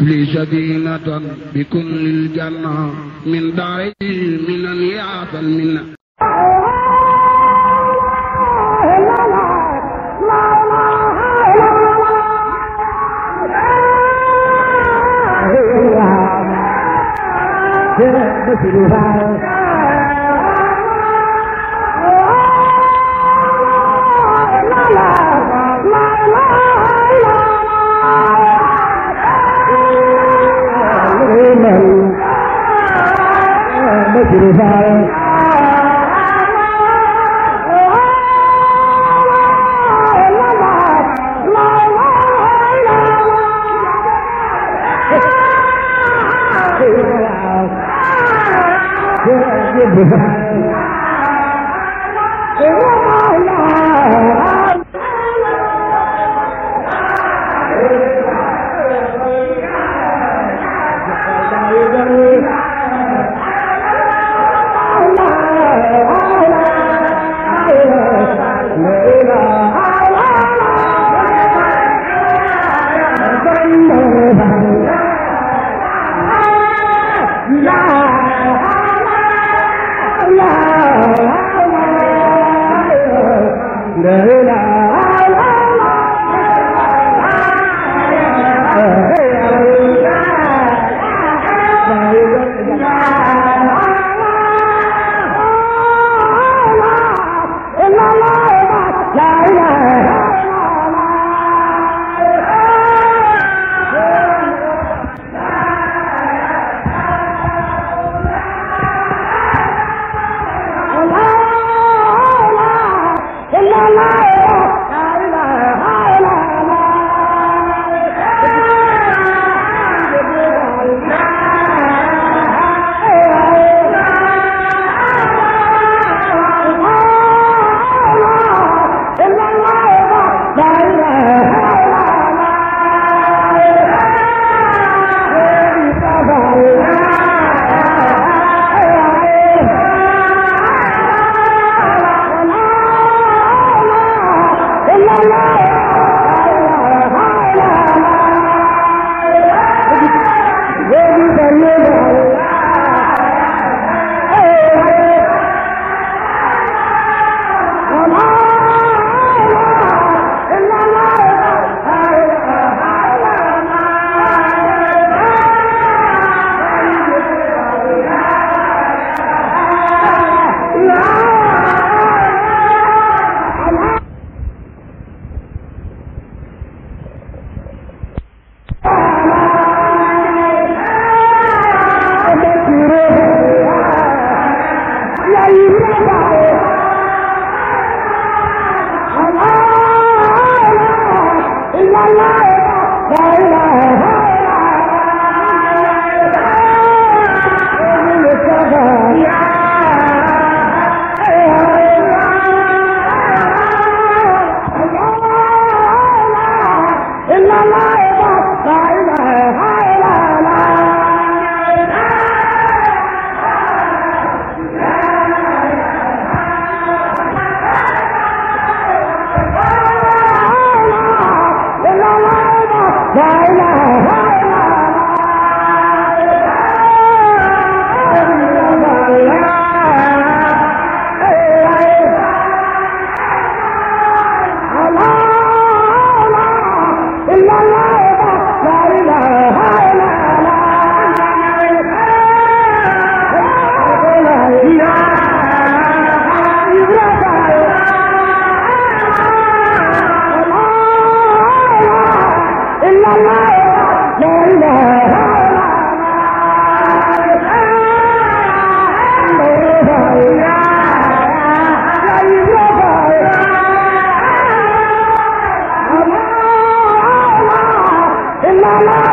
لي سكينة بكل الجنة من داري من يعطى المنة Yeah. bi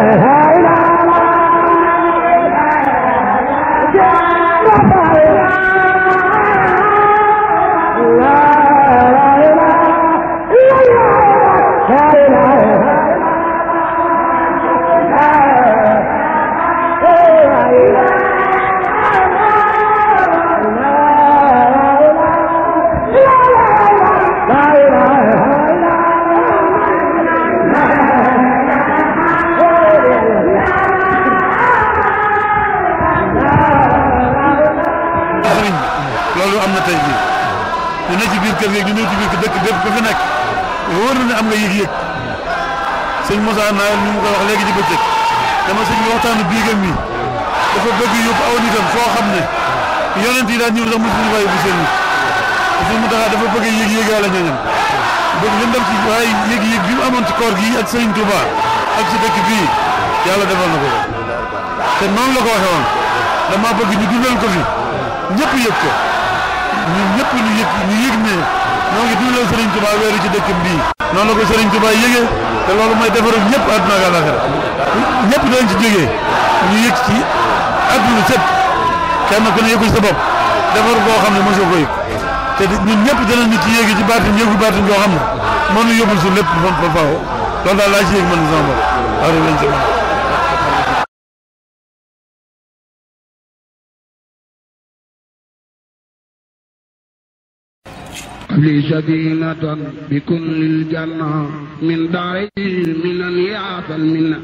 Yeah. ñu ne biir kër gi ñu ne ci biir dëkk bépp ku fi nekk wóor na ne am nga yëg-yëg sëñ Moussa naa ñu mu ko wax léegi ci bëccëg dama sëñ bi waxtaanu biigam yi dafa bëgg yóbbu aw nitam foo xam ne yonent yi daan ñëw sax mosuñu mu bu seen yi sëñ Moussa dafa bëgg yëg-yëg yàlla ñooñam bëgg li mu dem ci waaye yëg-yëg bi mu amoon ci koor gi ak sëñ Touba ak ci dëkk bii yàlla defal na ko te noonu la ko dama bëgg ñu dundal ko fi ñëpp yëg ko ñun ñëpp ñu yëg ñu yëg ne ñoo ngi dugal Serigne Touba weeru ci dëkkam bii. noonu la ko Serigne Touba yëgee te loolu mooy defaru ñëpp àdduna ak àllaaxira ñëpp dañ ci jógee ñu yëg ci àdduna sëpp kenn ku ne yëgul sa bopp defaru boo xam ne mosoo ko yëg te ñun ñëpp danañu ci yéegi ci baatin yëgu baatin yoo xam ne mënu yóbbul su lépp ba faaw loolu daal laa ci yëg mën na sama bopp waaw لي سكينة بكل الجنة من داري من يعطى المنة